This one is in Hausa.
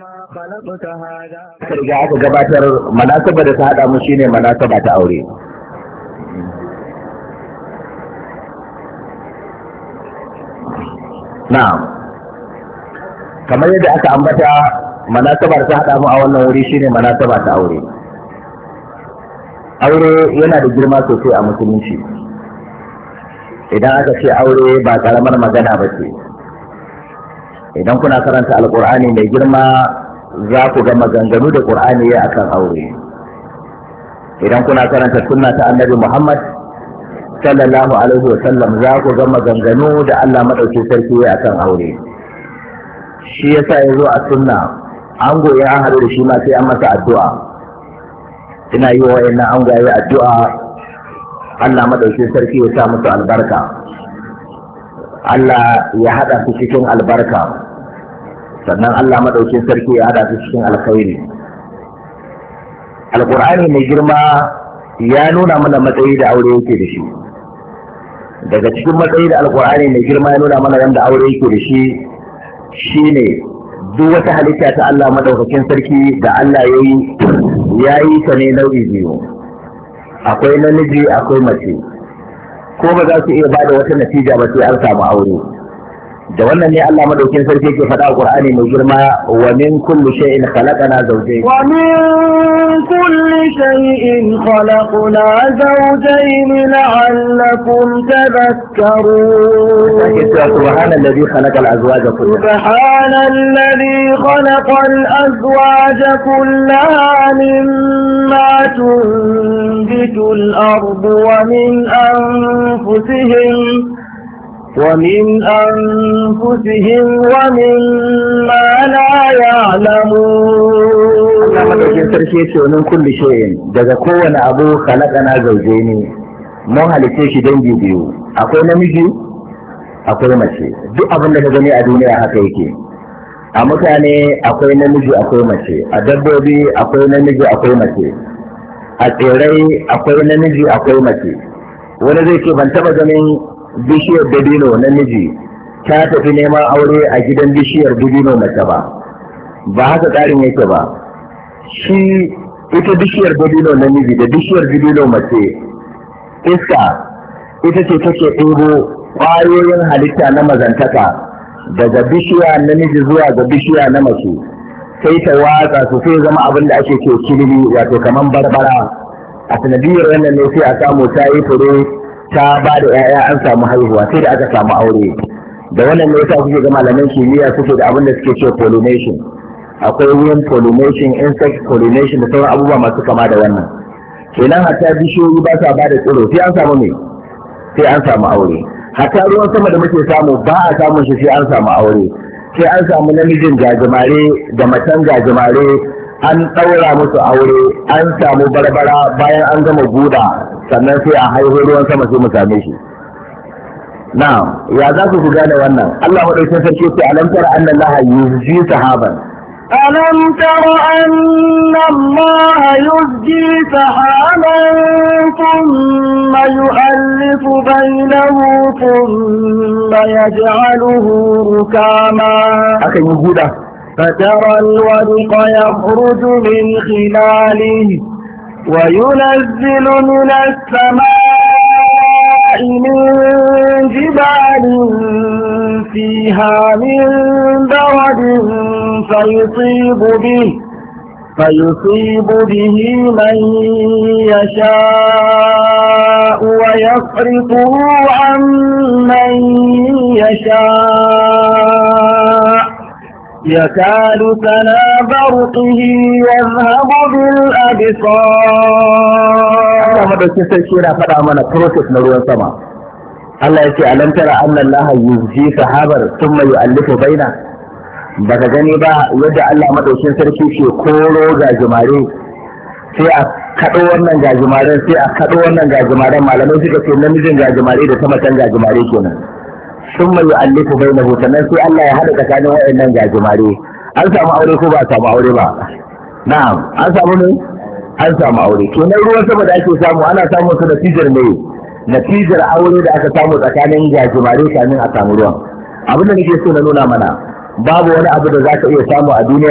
Aka riga aka gabatar manasaba da ta haɗa mu shine manasaba ta aure. Na. Kamar yadda aka ambata manasaba da ta haɗa mu a wannan wuri shine manasaba ta aure. Aure yana da girma sosai a musulunci. Idan aka ce aure ba karamar magana ba ce. idan kuna karanta alkur'ani mai girma za ku ga maganganu da ƙur'ani ya akan aure idan kuna karanta sunna ta annabi muhammad sallallahu alaihi wa sallam za ku ga maganganu da allah madauki sarki ya akan aure shi yasa ya zo a sunna an goyi an haɗu da shi ma sai an masa addu'a ina yi wa wayannan an goyi addu'a allah madauki sarki ya sa musu albarka Allah ya haɗa su cikin albarka sannan Allah maɗaukin sarki ya haɗa su cikin alkhairi alƙur'ani mai girma ya nuna mana matsayi da aure yake da shi daga cikin matsayi da alƙur'ani mai girma ya nuna mana yadda aure yake da shi shine duk wata halitta ta Allah maɗaukakin sarki da Allah ya yi ya yi ta ne nau'i biyu akwai namiji akwai mace ko ba za su iya ba da wata natija ba sai an samu aure da wannan ne Allah madaukin sarki yake faɗa a Qur'ani mai girma wa min kulli shay'in khalaqna zawjayn wa min kulli shay'in khalaqna zawjayn la'allakum tadhakkarun subhana alladhi khalaqa al-azwaj kullaha subhana alladhi khalaqa al-azwaj kullaha mimma tunbitu al-ardu wa min anfusihim ومن أنفسهم ما لا يعلمون Allah madaukin sarki ya ce wa min kulli shay'in daga kowane abu khalaqana zawjaini mun halice shi dangi biyu akwai namiji akwai mace duk abin ka gani a duniya haka a mutane akwai namiji akwai mace a dabbobi akwai namiji akwai mace a tsirrai akwai namiji akwai mace wani zai ce ban taba ganin bishiyar dabino namiji ta tafi neman aure a gidan bishiyar dabino mace ba ba haka tsarin yake ba shi ita bishiyar dabino namiji da bishiyar dabino mace iska ita ce take ɗebo ƙwayoyin halitta na mazantaka daga bishiya namiji zuwa ga bishiya na mace sai ta watsa su sai zama abin da ake ce kilimi wato kamar barbara a sanadiyar wannan ne sai a samu ta yi fure ta ba da 'ya'ya an samu haihuwa sai da aka samu aure da wannan ne yasa kuke ga malaman kimiyya suke da abin da suke ce pollination akwai wurin pollination insect pollination da sauran abubuwa masu kama da wannan kenan hatta bishiyoyi ba sa ba da tsiro sai an samu ne sai an samu aure hatta ruwan sama da muke samu ba a samun shi sai an samu aure sai an samu namijin gajimare da matan gajimare an ɗaura musu aure an samu barbara bayan an gama guda sannan sai a haihu ruwan sama sai mu same shi na'am ya za ku gane wannan Allah madaukakin sarki ce alam tara anna Allah yuzji sahaban alam tara anna Allah yuzji sahaban thumma yu'allifu bainahu thumma yaj'aluhu rukama akan yi guda فترى الورق يخرج من خلاله وينزل من السماء من جبال فيها من برد فيصيب به فيصيب به من يشاء ويصرفه عن من يشاء يكاد سنا برقه يذهب بالأبصار Allah madaukin sarki yana faɗa mana process na ruwan sama Allah ya ce alam tara anna sahabar tun mai thumma yu'allifu baina baka gani ba yadda Allah madaukin sarki ke koro gajimare sai a kaɗo wannan gajimaren sai a kaɗo wannan gajimaren malamai suka ce namijin gajimare da ta macen gajimare kenan sun mai allifu bai na nan sai Allah ya haɗa tsakanin waɗannan jajimare. an samu aure ko ba a samu aure ba na'am an samu ne an samu aure kenan ruwan sama da ake samu ana samun su natijar ne natijar aure da aka samu tsakanin jajimare kamin a samu ruwan abin da nake so na nuna mana babu wani abu da za ka iya samu a duniya